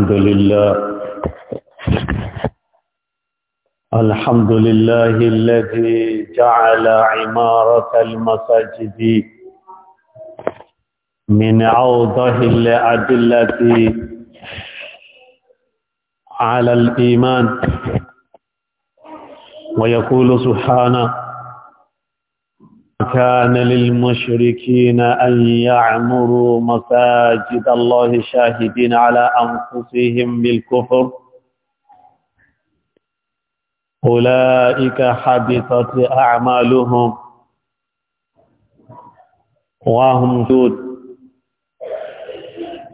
الحمد لله الحمد لله الذي جعل عمارة المساجد من عوضه الأدلة على الإيمان ويقول سبحانه كان للمشركين أن يعمروا مساجد الله شاهدين على أنفسهم بالكفر أولئك حبطت أعمالهم وهم جود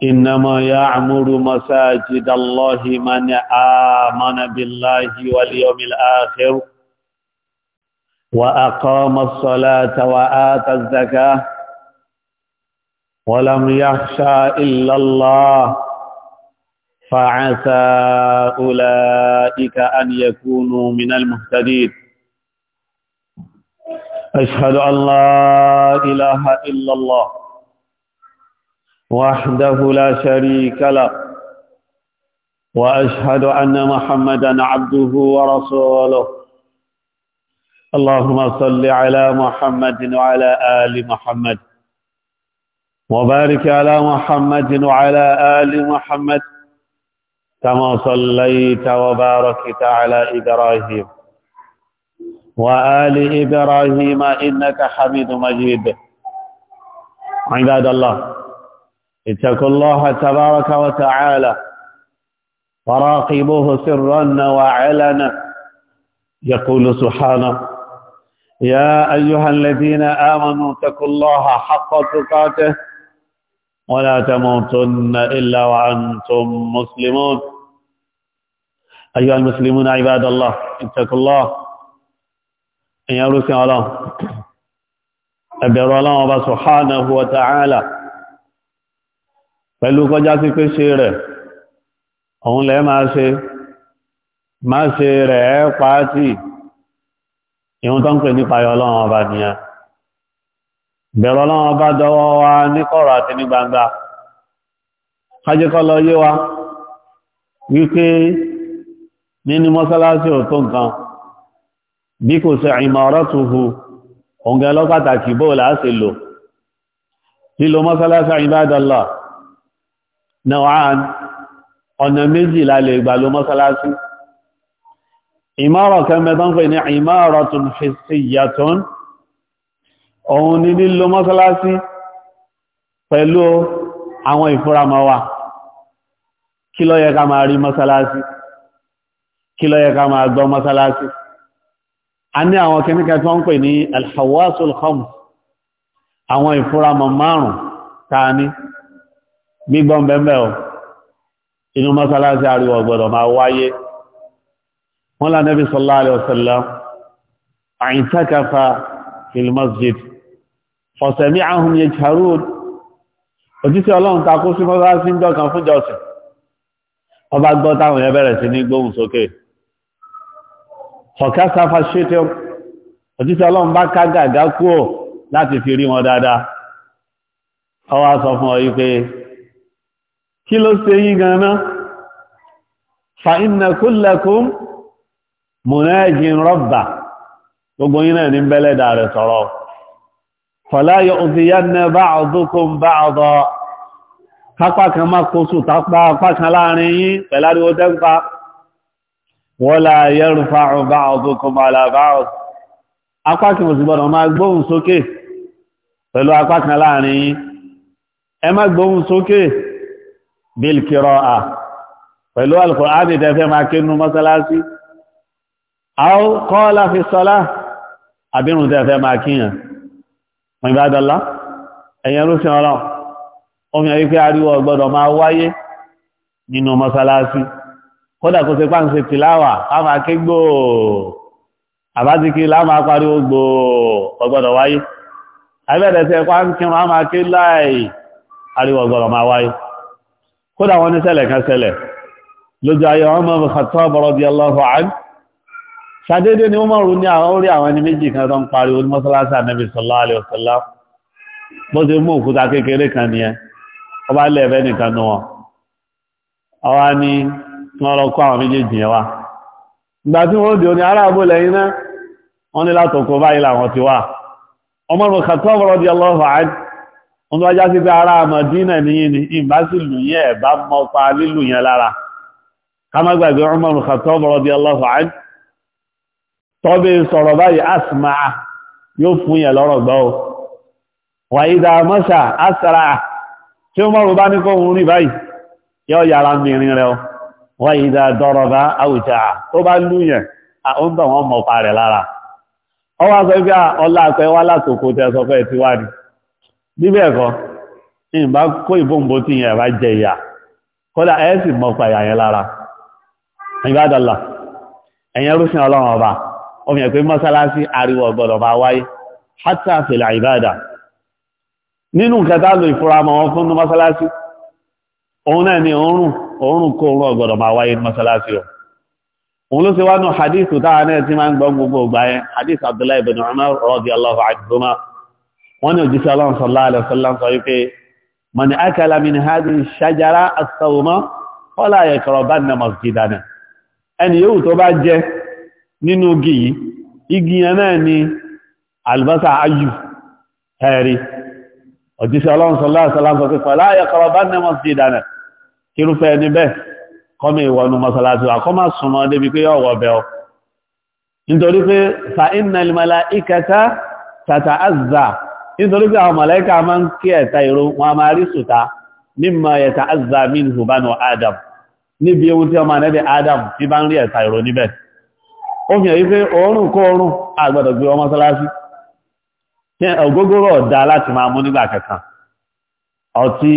إنما يعمر مساجد الله من آمن بالله واليوم الآخر وأقام الصلاة وآتى الزكاة ولم يخشى إلا الله فعسى أولئك أن يكونوا من المهتدين أشهد أن لا إله إلا الله وحده لا شريك له وأشهد أن محمدا عبده ورسوله اللهم صل على محمد وعلى آل محمد وبارك على محمد وعلى آل محمد كما صليت وباركت على إبراهيم وآل إبراهيم إنك حميد مجيد عباد الله اتقوا الله تبارك وتعالى وراقبوه سرا وعلنا يقول سبحانه يا أيها الذين آمنوا اتقوا الله حق تقاته ولا تموتن إلا وأنتم مسلمون أيها المسلمون عباد الله اتقوا الله يا رسول الله أبر الله ọba subhanahu wa ta'ala pẹ̀lú kọjá sí pé ṣe rẹ̀ òun lẹ́ máa ṣe máa ṣe rẹ̀ pàátì ìhun tó ń pè nípa ayọ̀ ọlọ́run ọba nìyẹn bẹ̀rọ ọlọ́run ọba dọwọ́ wa ní kọ̀rọ̀ àti ní gbangba kájẹ́kọ́ lọ yé wa wípé nínú mọ́sálásí ò tó nǹkan bí kò sí ìmọ̀rọ̀tùhù òǹgẹ́ lọ́pàtàkì bó láàṣì lò lílo mọ́sálásí ìbádọ́lá náà ọ̀nà méjì la lè mọ́sálásí ìmárọ̀ kẹmẹ́tàn pè ní ìmárọ̀ tún fi síyàtún òun ni lílo mọ́sálásí pẹ̀lú àwọn ìfúramọ́wà kí ló yẹ ká máa rí mọ́sálásí kí ló yẹ ká máa gbọ́ mọ́sálásí a ní àwọn kẹ́míkẹ́ tó ń pè ní alhawasul khams wọ́n lá nẹ́bí sallallahu alaihi wasallam àìntakafa fil masjid fasami'ahum yajharun òjísí ọlọ́run takó sí mọ́sáàsí ń dọ̀kan fún jọ́sìn ọba gbọ́ táwọn yẹn bẹ̀rẹ̀ sí ní gbóhùn sókè fọ̀kásáfà ṣètò òjísí ọlọ́run bá ká gàgá kúò láti fi rí wọn dáadáa ọwá sọ fún ọ yí pé kí ló ṣe yín ganan fa inna kullakum mùnájìn rọ́bà gbogbo yín náà ní bẹ́lẹ́dà rẹ̀ sọ̀rọ̀ fọláyọ̀ òfìyànnà bá ọdúnkún bá ọdọ́ kápá kan má kó sùn tápá apá kan láàrin yín pẹ̀láríwó tẹ́ǹpa wọ́lá yẹ́rùfà bá ọdúnkún bá apá kan òsì gbọ́dọ̀ máa gbóhùn sókè pẹ̀lú àwọn kọ́ọ́lá fi sọ́lá àbírùn tẹ́ fẹ́ máa kíyàn wọn ìbádọ́lá ẹ̀yẹn rúfin ọlọ́run omi ẹ̀rí pé ariwo ọgbọ́dọ̀ máa wáyé nínú mọ́sálásí kódà kó ṣe pá ń ṣe tìláwà á máa ké gbòò àbájíkí lá máa pariwo gbòò ọgbọ́dọ̀ wáyé abẹ́rẹ́ tẹ́ pá ń kírun á máa ké láì ariwo ọgbọ́dọ̀ máa wáyé ṣàdédé ni wọ́n mọ̀rún ní orí àwọn ẹni méjì kan tó ń parí onímọ́sálásí ànábì sallallahu alaihi wasallam bó ti mú òkúta kékeré kan nìyẹn ó bá lẹ́ẹ̀fẹ́ nìkan nù wọn ọwá ní wọ́n lọ kó àwọn méjèèjì yẹn wá ìgbà tí wọ́n dìó ní aráàbò lẹ́yìn náà wọ́n ní látọ̀kọ́ báyìí làwọn ti wà ọmọ rẹ̀ kàtọ́ ọ̀rọ̀ di ọlọ́fà ájì tọ́bẹ̀ sọ̀rọ̀ báyìí asìmá yóò fún yẹn lọ́rọ̀ gbọ́ o wà ìdá mọ́ṣà asìrà tí ó mọ́rún bá ní kó ń rí báyìí yọ yára mìírin rẹ̀ o wà ìdá dọ́rọ̀ a àwùjá tó bá lúyẹn A àwọn tó wọ́n rẹ̀ lára ẹ̀yẹn ọlọ́run ọba ọmọ ẹ̀pẹ́ mọ́sálásí ariwo ọ̀gbọ̀dọ̀ bá wáyé hátà fèlà ìbádà nínú nǹkan tá lò ìfura mọ́ wọn fún mọ́sálásí òun náà ni òórùn òórùn kó òórùn ọ̀gbọ̀dọ̀ máa wáyé mọ́sálásí o òun ló ṣe wá nù hadithu táwa náà ti máa ń gbọ́ gbogbo ìgbà yẹn hadith abdullahi ibn umar radiyallahu anhuma wọ́n ní òjíṣẹ́ ọlọ́run sallallahu alaihi wasallam sọ wípé ẹni yóò tó bá jẹ́ nínú igi yìí igi yẹn náà ni albasa ayù ẹ̀rí ọ̀jíṣẹ́ ọlọ́run sọ láàrín sọ pé pẹ̀lá ayẹ́kọ̀ọ́ bá ní masjidana kírúfẹ́ ní bẹ́ẹ̀ kọ́mí ìwọ̀nù mọ́sálásí wa kọ́ máa súnmọ́ débi pé yọ́ wọ́bẹ̀ ọ nítorí pé fa inna al-malaikata tata'azza nítorí pé àwọn màláíkà máa ń kí ẹ̀ta ìró wọn máa rí sùta mimma yata'azza minhu banu adam níbi ewu tí ọmọ anẹ́bẹ̀ adam ti bá ń rí ẹ̀ta ìró níbẹ̀ ó fi hàn wípé oorun kó oorun àgbàdo gbé ọmọ sọ́láṣí ògógóró ọ̀dá láti máa mú nígbà kankan ọtí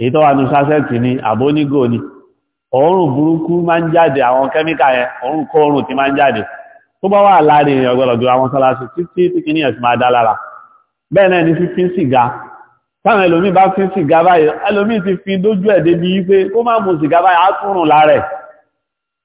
èyí tó wà ní sásẹ́ẹ̀tì ni àbónígò ni oorun burúkú máa ń jáde àwọn kẹ́míkà yẹn oorun kó oorun ti máa ń jáde ni fífín sìgá táwọn ẹlòmíì bá fín sìgá báyìí ẹlòmíì ti fi dójú ẹ̀ débi wípé kó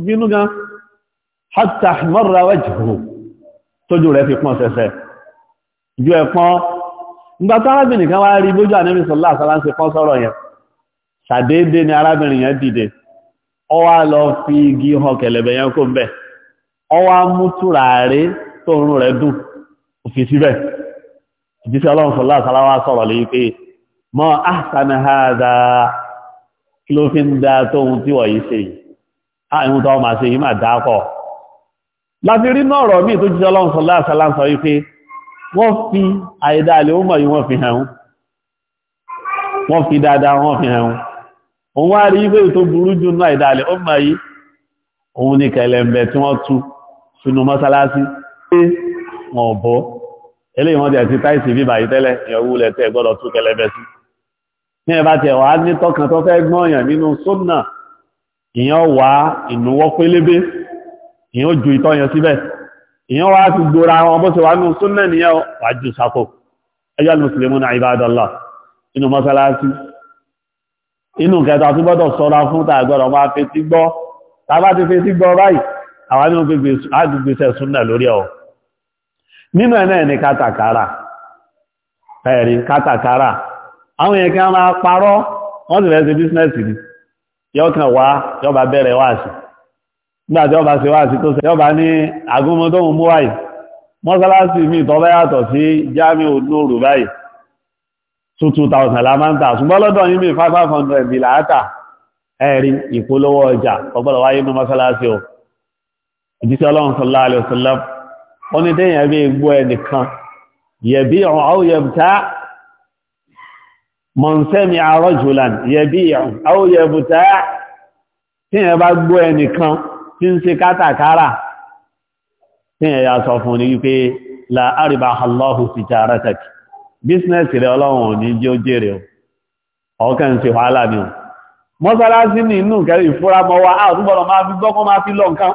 bínú gan hátà mọ́ra tó jù rẹ̀ fi pọ́n sẹ́sẹ́ ju ẹ̀pọ́n ìgbà arábìnrin kan wá rí bójú ànẹ́bí sọ̀lá àsálá ń ṣe pọ́n sọ́rọ̀ yẹn ṣàdédé ni arábìnrin yẹn dìde ó wá lọ fi igi hàn kẹ̀lẹ̀bẹ̀ yẹn kó ń bẹ̀ àìhun ah, tó máa ṣe yìí máa dápọ̀ láti rí náà rọ̀ mí tó jíjọ lọ́nà sọlá àṣálá ń sọ wípé wọ́n fi àìdá alẹ́ ó mọ̀ yìí wọ́n fi hàn wọ́n fi dáadáa wọ́n fi hàn òun wá rí wípé tó burú jù náà àìdá alẹ́ ó mọ̀ yìí òun ni kẹlẹ̀mbẹ̀ tí wọ́n tú sínú mọ́sálásí pé wọn ò bọ́ eléyìí ìyàn wá ìnúwọ́ pélébé ìyàn ju ìtọ́ yẹn síbẹ̀ ìyàn wá ti gbóra wọn bó ṣe wà ní súnnà nìyàn wà jù sápò ẹjọ́ al-muslimuna ibadallah inú mọ́sálásí inú kẹta tó gbọ́dọ̀ sọ́ra fún tàgbọ́dọ̀ máa fetí gbọ́ tàbá ti fetí gbọ́ báyìí àwọn ní agbègbèsẹ̀ súnnà lórí ọ̀ nínú ẹ̀nà wọ́n máa fẹ́ ṣe bísínẹ́sì yọ kàn wá yọba bẹ̀rẹ̀ wáàsí nígbà tí ọba ṣe wáàsí tó sẹ yọba ní agúnmọ́dóhun mú wáyìí mọ́sálásí mi tọ́bá yàtọ̀ sí jami olóòrù báyìí 2000 la máa ń tà ṣùgbọ́n lọ́dọ̀ yìí mi 500 bí láátà ẹ̀rí ìpolówó ọjà ọgbọ́dọ̀ wáyé ní mọ́sálásí o ìjíṣẹ́ ọlọ́run sọlá alẹ́sọlá ó mọ̀nsẹ́mi àrọ́jùlan yẹbí ìrùn àwòyẹ̀bùtà tí yẹn bá gbọ́ ẹnìkan tí ń ṣe kátàkárà tí yẹn yà sọ fún ní wípé la àríbà Allahu tijaratak bísínẹ́sì rẹ̀ ọlọ́run ní jẹ́ ó jèrè ọkàn sí wàhálà ni mọ́sálásí ní inú kẹrì ìfúramọ́ wa àtúbọ̀lọ̀ máa fi gbọ́kọ́ máa fi lọ nǹkan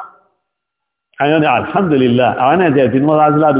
ayọ́ ni alhamdulillah àwọn ẹ̀jẹ̀ ìfin mọ́sálásí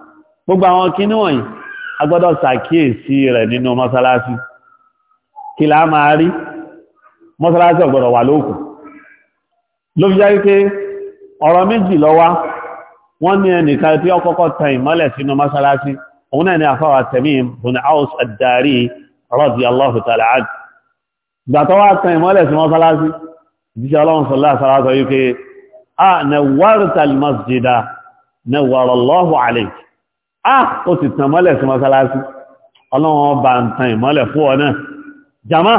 gbogbo àwọn kíní wọ̀nyí a gbọ́dọ̀ ṣàkíyèsí rẹ̀ nínú mọ́sálásí kí láà máa rí mọ́sálásí ọ̀gbọ̀dọ̀ wà lóòkù ló fi jẹ́ wípé ọ̀rọ̀ méjì ló wà wọ́n ní ẹnìkan tí ó kọ́kọ́ tan ìmọ́lẹ̀ sínú mọ́sálásí òun náà ni àfáwà Tamim bin Aus ad-Dari radiyallahu ta'ala anhu ìgbà al-masjida nawwara Allahu alayka ah ó ti tàn mọ́lẹ̀ sí mọ́sálásí ọlọ́wọ́n bá ń tan ìmọ́lẹ̀ fún ọ náà jama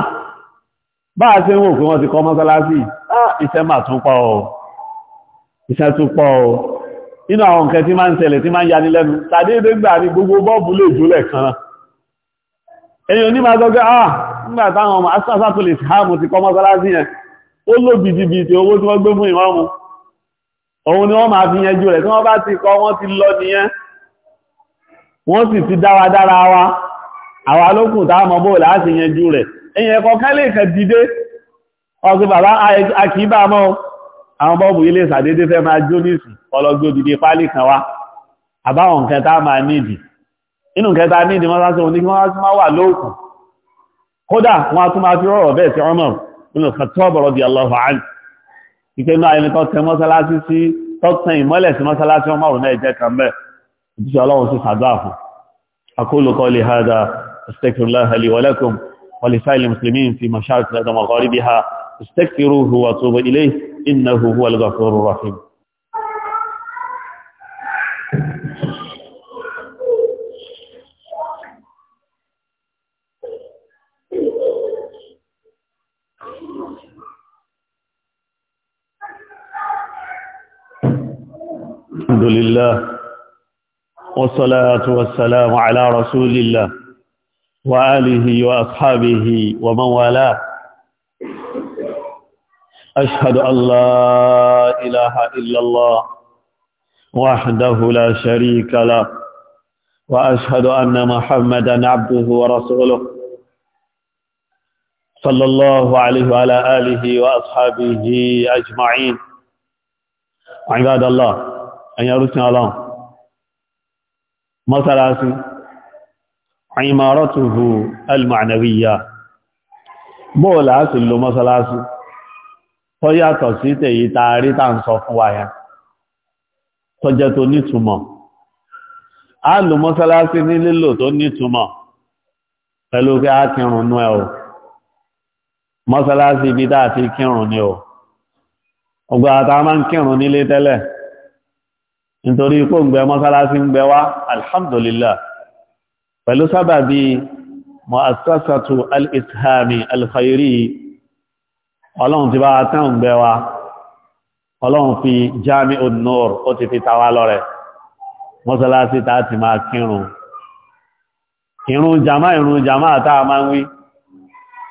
bá a ṣe ń wò pé wọ́n ti kọ́ mọ́sálásí ah iṣẹ́ mà tún pọ̀ ọ́ iṣẹ́ tún pọ̀ ọ́ inú àwọn nǹkan tí máa ń ṣẹlẹ̀ tí máa ń yani lẹ́nu tàdédé gbà ní gbogbo bọ́ọ̀bù lè jólẹ̀ wọ́n sì ti dáradára wa àwa lókùn táà mọ́ bóòlá àti yẹnjú rẹ̀ èyàn kọ̀ọ̀kan lè kẹ dìde ọgbẹ̀ bàbá àkíbà mọ́ àwọn bọ́ọ̀bù ilé ìsàdédé fẹ́ máa jó nìsì ọlọ́gbẹ̀ òdìdí pálì kan wá àbáwọn nǹkan tá máa nídìí inú nǹkan tá nídìí wọ́n sáṣẹ́ òní wọ́n tún máa wà lóòkùn kódà wọ́n tún máa fi أقول قولي هذا أستغفر الله لي ولكم ولسائر المسلمين في مشارق الأرض ومغاربها استغفروه واتوبوا إليه إنه هو الغفور الرحيم الحمد لله والصلاة والسلام على رسول الله وآله وأصحابه ومن والاه أشهد أن لا إله إلا الله وحده لا شريك له وأشهد أن محمدا عبده ورسوله صلى الله عليه وعلى آله وأصحابه أجمعين عباد الله أن يرسل الله mọ́sálásí ìmọ̀rọ̀tùhù alìmọ̀nàwíyà bóòlá sí lo mọ́sálásí tó yàtọ̀ sí tèyí taari tà ń sọ fún wáyá tó jẹ́ tó nítumọ̀ a lo mọ́sálásí ní lílò tó nítumọ̀ pẹ̀lú pé a kírun ní ẹ̀ o bí dáa ti kírun ní o ọgbà àtàmà ń nílé tẹ́lẹ̀ nítorí ikú ń gbẹ mọ́sálásí ń gbẹ wá alhamdulillah pẹ̀lú sábàbí mu'assasatu al-ishami al-khairi ọlọ́run ti bá tán ń gbẹ wá ọlọ́run fi jami'un nur ó ti fi tawá lọ́rẹ mọ́sálásí tá ti máa kírun ìrun jama ìrun jama tá a ń wí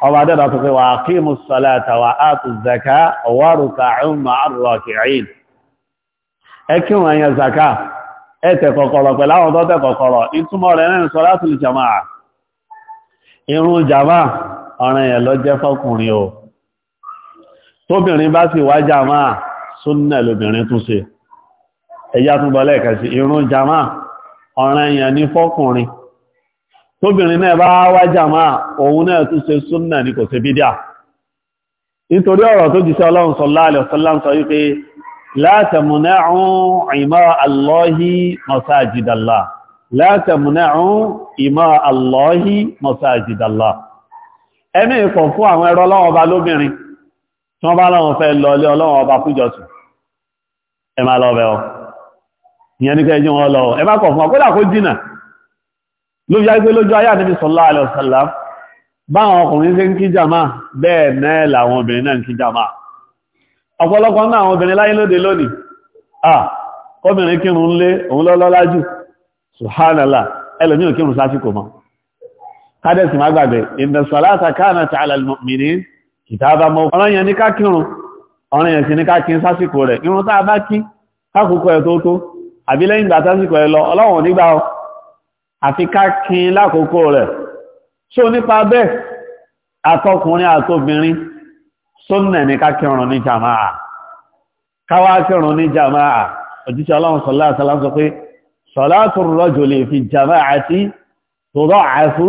ọba dẹ́dà tó fi wa aqimus salata wa atuz ẹ kí wọn yan zaka ẹ tẹ kọ̀kọ̀rọ̀ pẹ̀lú àwọn tó tẹ kọ̀kọ̀rọ̀ ìtumọ̀ rẹ̀ náà sọ̀látùl jàmáà irun jàmáà ọ̀ràn yẹn ló jẹ́ fọkùnrin o tóbìnrin bá sì wá jàmáà súnnà lóbìnrin tún ṣe ẹ̀yà tún bọ́ lẹ́ẹ̀kẹ́ sí irun jàmáà ọ̀ràn yẹn ní fọkùnrin tóbìnrin náà bá wá jàmáà òun náà tún ṣe súnnà ní kò ṣe bídíà nítorí ọ̀rọ̀ tó jíṣẹ́ ọlọ́run sọ láàlẹ̀ ọ̀sán láǹsọ pé la tamna'u ima Allahi masajidallah la tamna'u ima Allahi masajidallah ẹni ìkọ̀ fún àwọn ẹ̀rọ ọlọ́wọ́ ọba lóbìnrin tí wọ́n bá láwọn fẹ́ lọ ilé ọlọ́wọ́ ọba fújọsùn ẹ máa lọ́bẹ̀ ọ ìyẹn ní kẹjú wọn lọ ẹ má kọ̀ fún ọkọ́dà kó jìnà ló fi jágbé lójú ayé àti sallallahu alaihi wasallam báwọn ọkùnrin ṣe ń kí jàmá bẹ́ẹ̀ náà làwọn obìnrin náà ń kí jàmá ọ̀pọ̀lọpọ̀ náà àwọn obìnrin láyé lóde lónìí ah kọbìnrin kírun ń lé òun lọ́lọ́lá jù subhanallah ẹlòmí ò kírun sásìkò mọ́ kádẹ̀sì má gbàgbé inna salata kanat ala al-mu'minin kitaban mawquta ọ̀rọ̀ yẹn ní ká kírun ọ̀rọ̀ yẹn sì ní ká kí sásìkò rẹ̀ irun tá a bá kí kákòókò ẹ̀ tó tó àbí lẹ́yìn ìgbà sásìkò ẹ̀ lọ ọlọ́wọ̀n nígbà lákòókò rẹ̀ ṣó nípa bẹ́ẹ̀ àtọkùnrin àtobìnrin súnnà ní ká kírun ní jàmáà káwá kírun ní jàmáà òjíṣẹ́ ọlọ́run sọ̀lá sọ pé sọ̀látù fi tó rọ́ àfú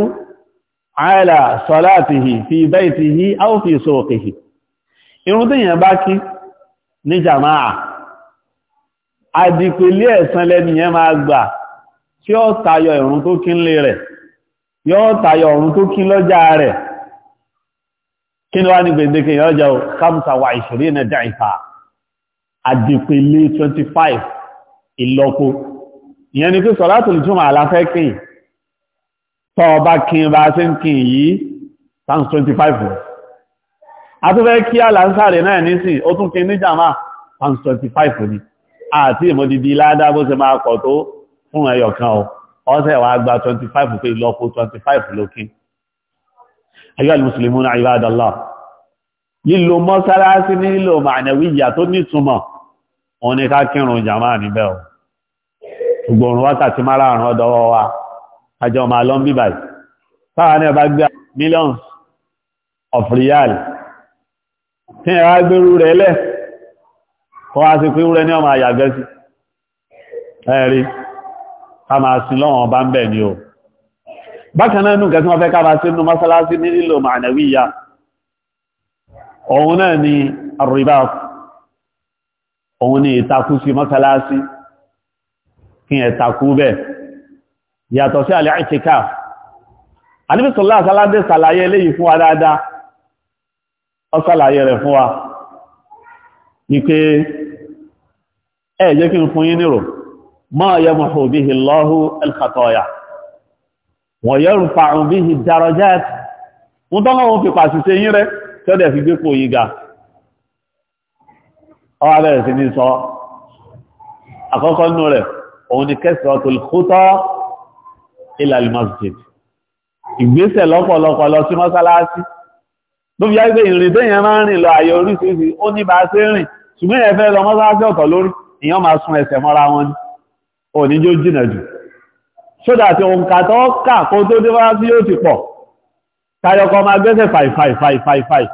àìlà fi fi irun tí yẹn bá kí ní lẹ́ni yẹn máa gbà tí ó tayọ tó kí ń rẹ̀ yóò kí ni wá ní gbèdéke yọ ọjà kámsà wà ìṣòrí ẹ̀nà dáìfà àdìpele 25 ìlọ́po ìyẹn ni pé sọ̀látù ìjùmọ̀ àlàfẹ́ kìí tọ́ ọba kìí bá ṣe kìí yìí times 25 àtúfẹ́ kí àlàásáre náà nísìn ó tún kìí níjàmá times 25 ni àti ìmọ̀dìdí ládá bó ṣe máa kọ̀ tó fún ẹyọ̀kan ọ 25 pé ìlọ́po 25 lókín ayọ́ alìmùsùlùmí náà ìbádọ́lá lílo mọ́sálásí ní lílo mànàwíyà tó nítumọ̀ òun ni ká kírun jàmá níbẹ̀ o ṣùgbọ́n wákàtí márààrún ọdọ́wọ́ wa àjọ máa lọ bí báyìí táwa náà bá gbé millions of máa sin lọ́wọ́n bá ń bẹ̀ ni o bákan náà nùkan tí wọ́n fẹ́ kára sí inú mọ́sálásí ní lílò ma'anàwíyà òun náà ni àrùbá òun ni ìtakú sí mọ́sálásí kí ẹ takú bẹ́ yàtọ̀ sí alẹ́ àìtíká alìbìsọ̀lá sáládé sàlàyé léyìí fún wa dáadáa ọ sàlàyé rẹ̀ fún wa ní pé ẹ jẹ́ kí n fún yín máa yẹ mọ̀ wọ̀n yẹ́rù fàrùn bí i dárọjá ẹ̀tì wọ́n tọ́lọ́wọ́n fi pàṣíṣe yín rẹ̀ tí ó dẹ̀ fi gbé kò yí ga ọwá bẹ̀rẹ̀ sí ní sọ àkọ́kọ́ nínú rẹ̀ òun ni kẹsàn-án kòtọ́ ilal masjid ìgbésẹ̀ lọ́pọ̀lọpọ̀ lọ sí mọ́sálásí ló fi yáyé lórí ìyàn máa sun ẹsẹ̀ mọ́ra wọn ni ò ní jó jìnà jù ṣódà tí òun kàtọ́ kà kó tó dé wá sí yóò ti pọ̀ tayọkọ máa gbẹ́sẹ̀ fàìfàìfàìfàì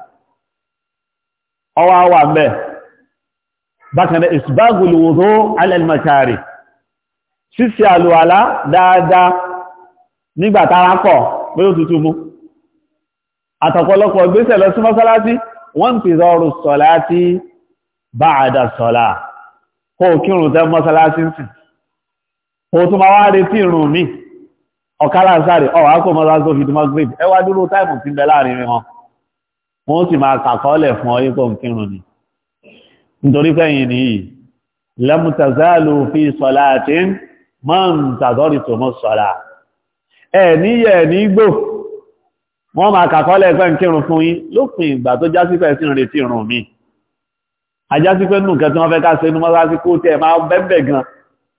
ọwọ́ wà mẹ́ bákan náà ìsìbágùlù wòzó alẹ́lmọ̀kàrì ṣíṣe àlùwàlá dáadáa nígbà tára kọ̀ pé ó tutù mú àtọ̀pọ̀lọpọ̀ gbésẹ̀ lọ sí mọ́sálásí wọ́n ti rọrùn sọ̀lá tí bá àdà sọ̀lá kó kírùn tẹ́ mọ́sálásí ń o tún máa wá retí ìrùn mi ọ̀kálà sáré ọ̀wà kò mọ́ láti fi dúmọ́ grip ẹ wá dúró táìmù tí ń bẹ láàrin wọn wọ́n sì máa kàkọ́ọ̀lẹ̀ fún ọyí kò ń kírun ni nítorí fẹ́yìn nìyí lẹ́mùtàzálù fi sọ̀lá àti máa ń tàzọ́rì tó mọ́ sọ̀lá ẹ̀ níyẹ̀ nígbò wọ́n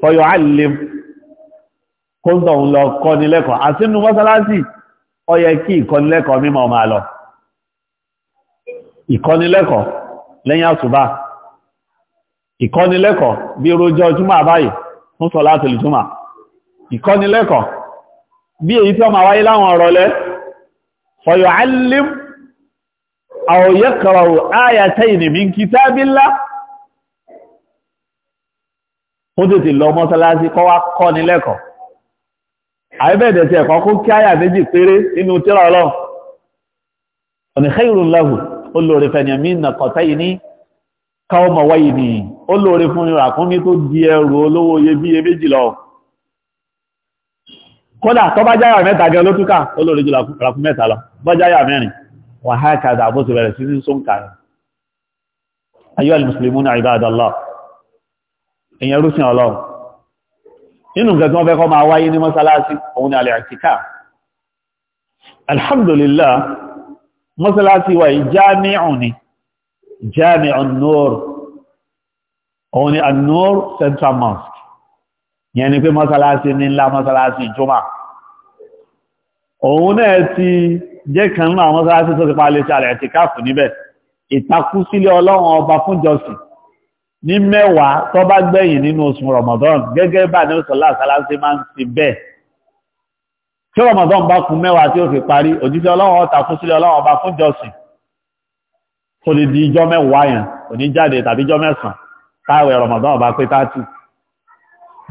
fọyọ̀ àlèm kó ń tọ̀hún lọ kọ́nilẹ́kọ̀ọ́ àti nínú mọ́sálásì ó yẹ kí ìkọ́nilẹ́kọ̀ọ́ mímọ̀ máa lọ ìkọ́nilẹ́kọ̀ọ́ lẹ́yìn àsùbá ìkọ́nilẹ́kọ̀ọ́ bí rojọ́ júmọ̀ àbáyì fún sọ láti júmọ̀ ìkọ́nilẹ́kọ̀ọ́ ó tètè lọ mọ́sálásí kọ́ wá kọ́ ní lẹ́kọ̀ọ́ àìbẹ̀ẹ̀dẹ̀ tí ẹ̀kọ́ kó kí àyà méjì péré nínú tírà ọlọ́run ọ̀nà khairun lahu ó lóore fẹ̀yàmí nà kọ̀tá yìí ní káwọ́mọ̀ wáyìí ni ó lóore fún ìràkúnmí tó di ẹrù olówó iyebíye méjì lọ kódà tó bá jáyà mẹ́ta gẹ olótúkà ó lóore jù ràkún mẹ́ta lọ bọ́ jáyà mẹ́rin wàhákàdà èyàn rúsìn ọlọ́run nínú nǹkan tí wọ́n fẹ́ kọ́ máa wáyé ní mọ́sálásí òun ni alẹ́àtíkà alhamdulillah mọ́sálásí wà yí jami'un ni jami'un nur òun ni an-nur central mosque yẹn ni pé mọ́sálásí ní ńlá mọ́sálásí jùmọ̀ òun náà ti jẹ́ kan náà mọ́sálásí tó ti pa lè ṣe alẹ́àtíkà fún níbẹ̀ ìtakú sílé ọlọ́run ọba fún jọsìn ní mẹ́wàá tó bá gbẹ̀yìn nínú oṣù Ramadan gẹ́gẹ́ bá ní oṣù aláàsálásí máa ń ti bẹ́ẹ̀ tí Ramadan bá kún mẹ́wàá tí ó fi parí òjíṣẹ́ ọlọ́run ọ̀tà fún sílẹ̀ ọlọ́run ọba fún jọsìn kò lè di ijọ́ mẹ́wàá yẹn òní jáde tàbí ijọ́ mẹ́sàn-án táwẹ̀ Ramadan ọba pé tátì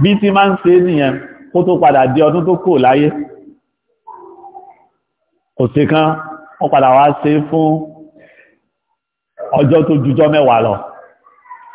bí ti máa ń ṣe nìyẹn kó tó padà di ọdún tó kù láyé kò sí kan wọ́n padà wá ṣe fún ọjọ́ tó jujọ́ mẹ́wàá lọ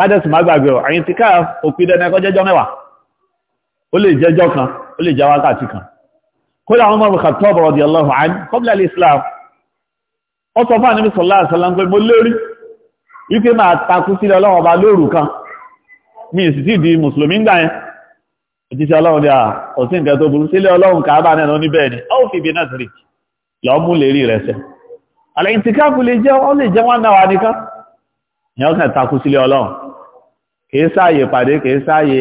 kádẹ́sì má gbàgbé ọ̀ àyín ti káà òpin dẹ́nà ẹkọ́ jẹ́jọ́ mẹ́wàá ó lè jẹ́jọ́ kan ó lè jẹ́ wákàtí kan kódà àwọn ọmọ Khattab radiyallahu anhu qabla al-Islam ó sọ fún Ànábì sallallahu alaihi wasallam pé mo lérí wípé máa takú sílẹ̀ Ọlọ́run ọba lóru kan ní ìsìtì di mùsùlùmí ń gbà yẹn òjíṣẹ́ Ọlọ́run dà ọ̀sìn nǹkan tó àlẹ́ ìtìkáàfù lè jẹ́ ó lè jẹ́ wọn náà wà nìkan ìyẹn ó kàn takú Ọlọ́run kìí sáàyè pàdé kìí sáàyè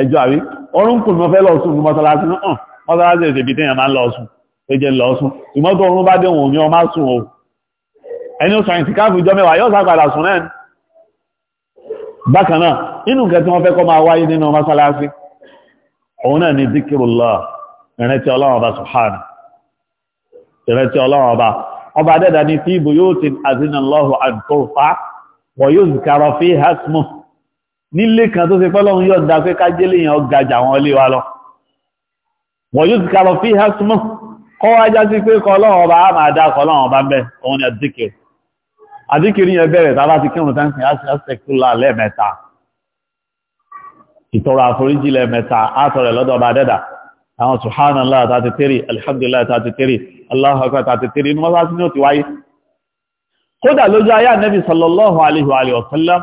ẹjọ́ àrí orúnkùn mọ́ fẹ́ lọ́sùn ní mọ́sálásí náà mọ́sálásí èsì ibi tẹ́yàn máa ń lọ́sùn tó jẹ́ lọ́sùn ṣùgbọ́n tó orún bá dé òun ní ọmá sùn o ẹni ó sọ̀yìn tí káàkiri jọ mẹ́wàá yóò sàgbàdà sùn náà bákan náà inú nǹkan tí wọ́n fẹ́ kọ́ máa wáyé nínú mọ́sálásí òun fi buyutin nílé kan tó ṣe pọ́lọ́run yọ̀ǹda pé ká jẹ́ léèyàn ọgàjà wọn lé wa lọ wọ́n yóò ti kàlọ̀ fi hásùmọ́ kọ́ wá já sí pé kọ́ ọlọ́run ọba á máa dá kọ́ ọba bẹ́ òun ni àdíkìrì kódà lójú ayé ànẹ́bì sallallahu alaihi wa sallam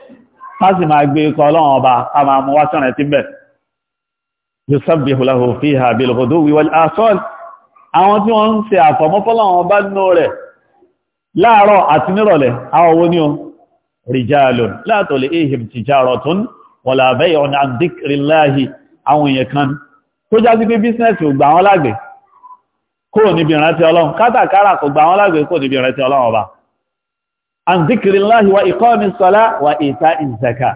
ká sì máa gbé ikọ̀ ọlọ́run ọba ká máa mú wá sọ̀rọ̀ ẹtí bẹ̀ yusabbihu lahu fiha bil ghuduwi wal asal àwọn tí wọ́n ń ṣe àfọ̀mọ́fọ́lọ́run ọba nínú rẹ̀ láàárọ̀ àti nírọ̀lẹ́ àwọn owó ní o rijalun la tulihim ìrántí ọlọ́run kátàkárà kò gbà wọ́n lágbè kúrò níbi ìrántí ọlọ́run ọba an zikirillahi wa iqamis sala wa ita'iz zaka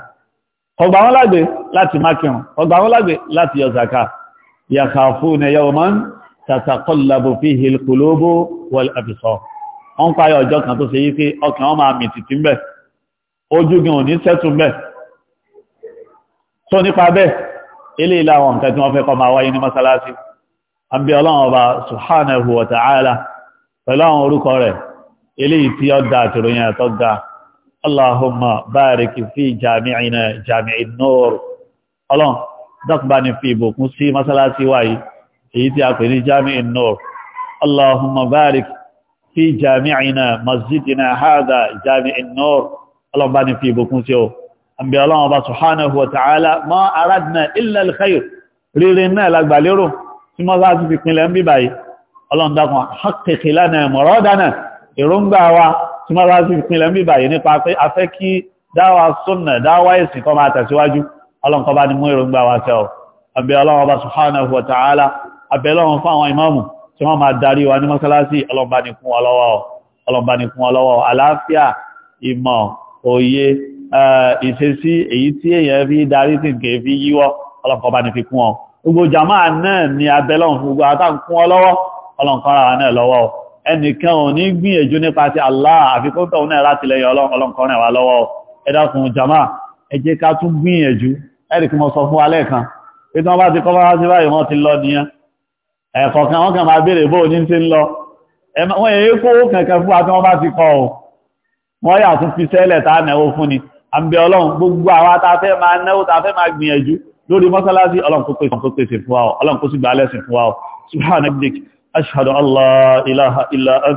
ọgbà wọn lágbé láti mákìrún ọgbà wọn lágbé láti yọ zaka yakhafuna yawman tataqallabu fihi alqulubu wal absar wọ́n páyọ ọjọ́ kan tó ṣe yí pé ọkàn wọn máa mì tìtì mbẹ̀ ojú gan òní sẹ́tù mbẹ̀ eléyìí tí ó dá àtìròyìn àtọ́ ga aláhùnmá báàríkì fi jami'ina jami'i nur ọlọ́n dọ́kùnbá ni fi ìbòkún sí masalasi wáyé èyí tí a pè ní jami'i nur aláhùnmá báàríkì fi jami'ina masjidina hada jami'i nur ọlọ́n bá ni fi ìbòkún sí o àbí ọlọ́n ọba subhanahu wa ta'ala ma aradna illa alkhair rere náà lágbàlérò tí masalasi fi pinlẹ̀ ń bíbáyé ọlọ́n dákun haqqi lana èròǹgbà wa tí wọ́n bá sí ìpínlẹ̀ mí báyìí nípa pé a fẹ́ kí dáwà súnnà dáwà ìsìn kọ́ máa tẹ̀síwájú ọlọ́nkọ́ bá ní mú èròǹgbà wa tẹ́ ọ àbí ọlọ́run bá subhanahu wa ta'ala àbí ọlọ́run fún àwọn ìmáàmù tí wọ́n máa darí wa ní mọ́sálásí ọlọ́mbà ní kún wọn lọ́wọ́ àlàáfíà ìmọ̀ òye ìṣesí èyí tí èèyàn fi darí ẹnìkan ò ní gbìyànjú nípa ti Allah àfikúntọ̀ náà láti lẹ́yìn ọlọ́nkọrin wà lọ́wọ́ ẹ̀dàkùn jama ẹ jẹ́ ká tún gbìyànjú ẹ̀rìkí mọ́ sọ fún alẹ́ kan pẹ̀tí wọ́n bá ti kọ́bá sí báyìí wọ́n ti lọ nìyàn ẹ̀kọ̀kan wọ́n kàn máa béèrè bó ní ti ń lọ wọ́n èyí kó kẹ̀kẹ́ fún àti wọ́n bá ti kọ́ ọ̀ wọ́n yà tún fi sẹ́lẹ̀ tá náwó fún ni àbẹ̀ ọlọ́run gbogbo àwa tá fẹ́ wa ọlọ́run أشهد أن لا إله إلا أنت